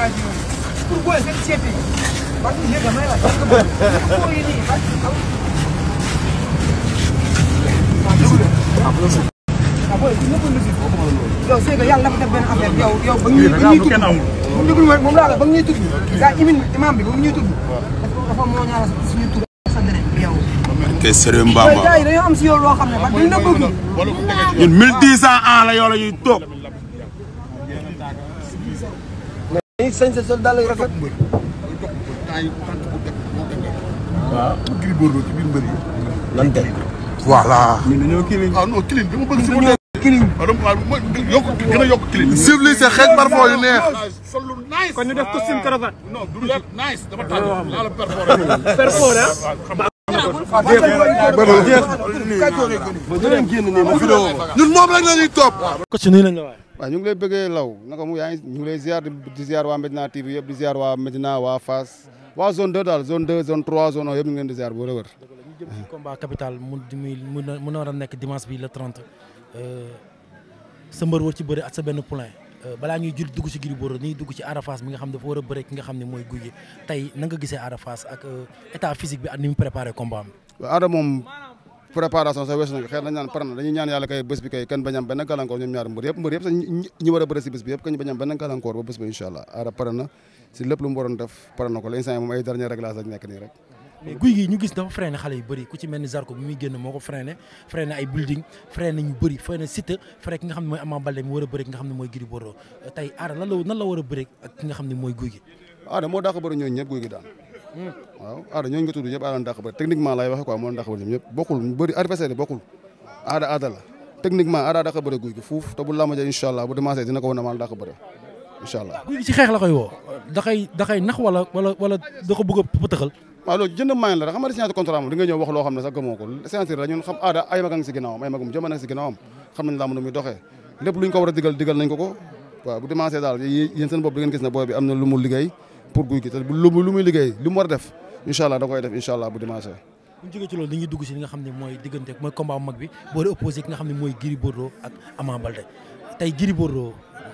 avion pour booy seen ceeb yi parce que jéeg a may la parce que booy yi nii parce que. ah booy ku nekkul musique. yow c'est que yàlla dafa def benn affaire yow yow ba ñuy ba ñuy tudd moom déglu ma moom laa la ba ñuy tudd gaa imin imam bi ba ñuy tudd dafa moo ñaara suñu tudd sa deret yow te Serigne Mbamba dañoo am si yow loo xam ne ba dañ la bëgg ñun mille dix cent ans la yow la ñuy toog dañuy sañse sol daal yu rafet. mbër loolu topp mbër temps yi tant bu teg moo teg waaw mu Gris Bordeaux ci biir mbër yi. lan teg voilà. ñun dañoo kilin. ah non kilin dama bëgg. suñu dañoo kilin. Ah, yokk gën a yokk kilin. sifli sa xeet parfum yu neex. Ah, sol lu nice. kon ñu def costume cravate. Ah, non du nice dama tànn la perforé. perforé ah. waaw jéem jéem. ñun moom rek la ñuy topp. ko ci nii lañ la waay. waaw ñu ngi lay bëggee law naka mu yaa ngi ñu ngi lay ziar di ziar waa Medina TV yëpp di ziar waa Medina waa Fass waa zone 2 daal zone 2 zone 3 zone 1 yëpp ñu ngi leen di ziar bu wërëwër. ñu mu a nekk dimanche bi le 30 euh, sa mbër war ci bëri at sa benn poulain euh, balaa ñuy jul dugg ci Gris Bordeaux dañuy dugg ci Arafaas mi nga xam dafa war a bëre ki nga xam ne mooy Gouye tey na nga gisee Arafaas ak euh, état physique bi ak ni mu préparé combat am. préparation sax weesu nañ ko xëy na dañ naan na dañuy ñaan yàlla kay bés kay kan bañ am benn ñoom ñaar mbër yëpp mbër yëpp sax ñi xam ne mooy Ama Baldé mi war a bëri ki xam ne mooy Gris Bordeaux tey aara lan war a bëri ak xam ne mooy guy gi aada moo daa ko bëri ñooñu guy gi daan waaw aada ñooñu nga tudd ñëpp aada dàq bëri techniquement lay waxe quoi moo dàq bëri ñëpp bokkul ñu bëri adversaire bokkul aada aada la techniquement aada dàq bëri guy gi fuuf bu lama ja incha ko da da koy nax wala wala wala a wax loo xam ne sax gëmoo ko signature la ñun xam aada ay magang si si ginnaawam xam a digal ne booy mu liggéey pour guy gi te lu lu muy liggéey li mu war a def incha allah da koy def incha allah bu dimanche. bu ñu jógee ci loolu dañuy dugg si nga xam ne mooy diggante mooy combat mag bi boo di opposé ki nga xam ne mooy Gris Bordeaux ak Ama Baldé tey Gris Bordeaux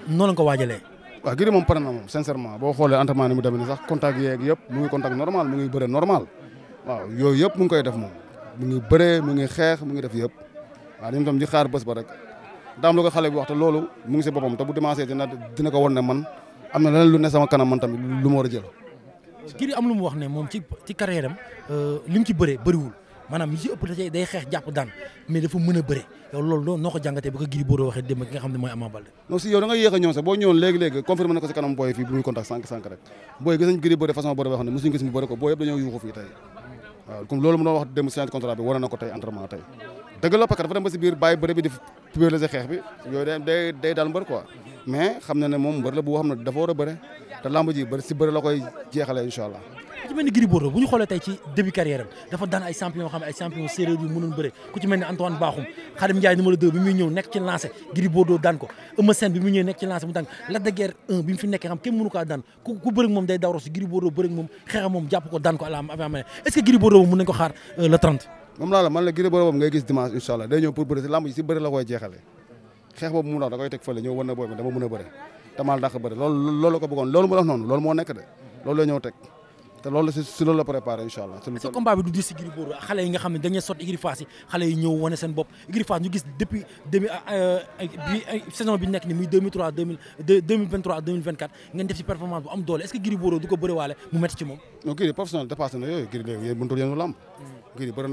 noonu la ko waajalee. waaw Gris moom pare moom sincèrement boo xoolee entraînement ni mu demee nii sax contact yeeg yëpp mu ngi contact normal mu ngi bëre normal waaw yooyu yëpp mu ngi koy def moom mu ngi bëree mu ngi xeex ngi def yëpp man am na leneen lu ne sama kanam man tamit lu a jël. Gris am lu mu wax ne moom ci ci carrière am euh, li mu ci bëree bëriwul maanaam li ci ëpp dafay day a bëre yow loolu doo noo si yow da a ñëw sax boo ñëwoon léegi-léegi confirmé na bëre bi wane na si xeex bi yooyu daal mbër quoi mais xam na ne moom mbër la bu xam ne dafa war a bëre te lamb ji bëri si bëri la koy jeexalee incha ku ci mel ni Gris Bordeaux bu ñu xoolee tey ci début carrière am dafa ku ci mel ni Antoine Bakhoum Khadim ko Eumeu Sène bi muy ñëw nekk ci lancé mu daan Lac de bi mu fi nekkee xam kenn mënu kaa daan ku ku ko daan ko àlam avant mais est-ce que Gris Bordeaux moom ko xaar euh, le 30 moom laa la man la Gris Bordeaux gis dimanche incha day ñëw pour bëri si lamb xeex boobu mu dox da koy teg fële ñëw wan boobu dama mën a bëre damaa dàq bëre loolu loolu mu dox noonu loolu moo nekk de loolu la teg te loolu si si la préparé incha allah. si combat bi si Gris xale yi nga xam ne dañuy sotti Gris xale yi ñëw wane seen bopp Gris Fass ñu gis si performance bu am doole est-ce que Gris Bordeaux du ko mu métti ci moom. non Gris professionnel dépassé na yooyu Gris léegi yéen buntul yéen lamb. Gris bëri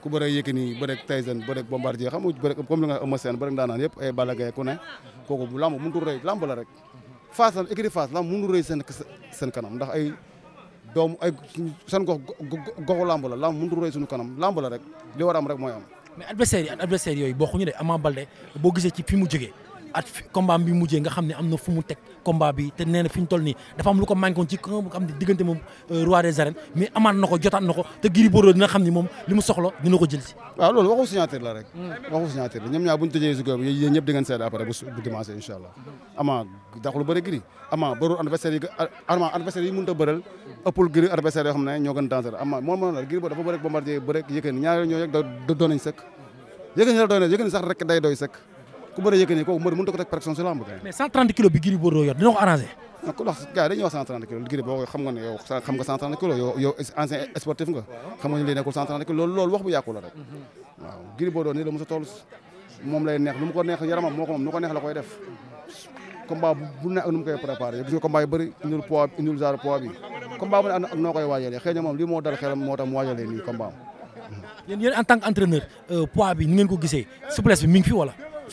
ko bëre Yékini bëre Tyson bëre Bombardier xam nga bëre comme li nga Eumeu Sène bëre daanaan yëpp ay Balla Gaye ku ne kooku bu lamb mënutul rëy lamb la rek Fass la écurie Fass lamb mënutul rëy seen kanam ndax ay doom ay seen gox goxu lamb la lamb mënutul rëy suñu kanam lamb la rek li war am rek mooy am mais adversaire yi adversaire yooyu bokkuñu de Ama Baldé boo gisee ci fi mu jógee at combat bi mujjee nga xam ne am na fu mu teg combat bi te nee na fi ñu toll nii dafa am lu ko manqué woon ci ko xam ne diggante moom euh, roi des arènes mais amaat na ko jotaat na ko te dina xam ne moom li mu soxla dina ko jël loolu waxu signature la rek waxu signature la ñoom ñaar bu ñu tëjee si góob bu dimanche incha allah ama daxlu bëri Gris ama bëru adversaire yi ama adversaire yi mënut a bëral ëppul Gris adversaire yoo xam ne ñoo gën danser ku mbër a yëg ne kooku mbër mënut a ko teg pression si mais 130 bi Gris Bordeaux yor dina ko arrangé. non ah, ku wax gars yi dañuy wax 130 kilos Gris Bordeaux xam nga ne nga 130 nga. xam nga loolu loolu wax bu yàqu rek. waaw Gris Bordeaux nii la mos a moom lay neex neex yaramam moo ko neex la koy def combat bu ne ak nu mu koy préparé gis nga combat yu bëri indil poids indil ne ak noo koy moom lii moo dal xelam moo tax mu nii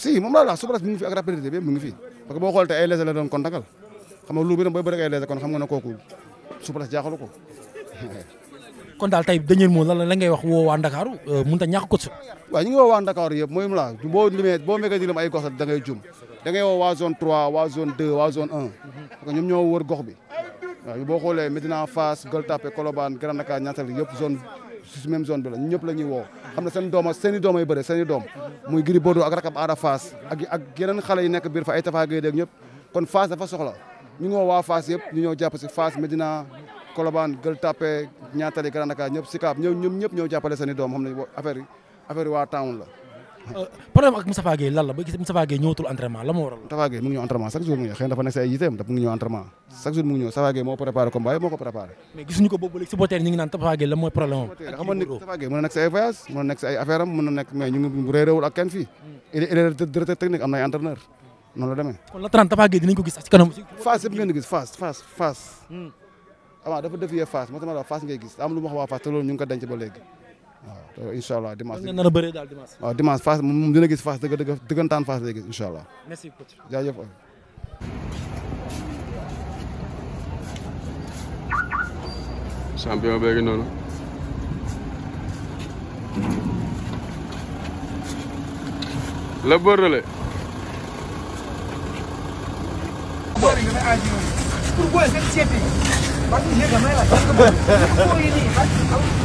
si moom laa la wax souplesse mu ngi fi ak rapidité bi mu ngi fi parce que boo xoolee ay léger la doon kontakal xam nga luur bi tam booy bëri ay léger kon xam nga ne kooku souplesse jaaxalu ko. kon daal tey dernier mot lan la ngay wax woo waa Ndakaaru euh, mënut a ñàkk ko ci. waaw ñu ngi woo waa Ndakaaru yëpp mooy mu la boo limee boo mékkee di lim ay gox da ngay jum da ngay woo waa zone 3 waa zone 2 waa zone 1 parce que ñoom ñoo wër gox bi waaw boo xoolee Medina Fass Gueule Tapée Colobane Grand Dakar ñaata yëpp zone si même zone bi la ñëpp la ñuy woo xam ne seen dooma seen i doom ay bëre seen i doom muy Gris Bordeaux ak rakab Ada Fass ak ak yeneen xale yi nekk biir fa ay Tafa Gueye dégg ñëpp kon Fass dafa soxla ñu ngi woo waa Fass yëpp ñu ñëw jàpp si Fass Medina Colobane Gueule Tapée Niattali Grand Dakar ñëpp Sicap ñëw ñoom ñëpp ñëw jàppale seen i doom xam ne affaire yi affaire yi waa town la problème ak mu ngi ñëw entraînement mu ngi ñëw xëy na dafa nekk si ay yiteem dafa mu ngi ñëw entraînement chaque jour mu ngi ñëw Moustapha Gueye moo préparé combat yi moo ko préparé mais gisuñu ko boobu léegi supporter ñu ngi naan Moustapha problème am xam nga Moustapha Gueye mën ngi ko gis ci kanam Fass ngeen gis Fass Fass Fass dafa defiyee Fass moo tax ma gis am lu ma wax waa Fass te loolu denc ba Euh, incha allah dimanche. lan nga nar a bëree daal dimanche. waaw ah, dimanche Fass moom dina gis Fass dëgg dëgg dëggantaan Fass lay gis incha allah. merci coach. jaajëf. champion beegi noonu. la bërële. pour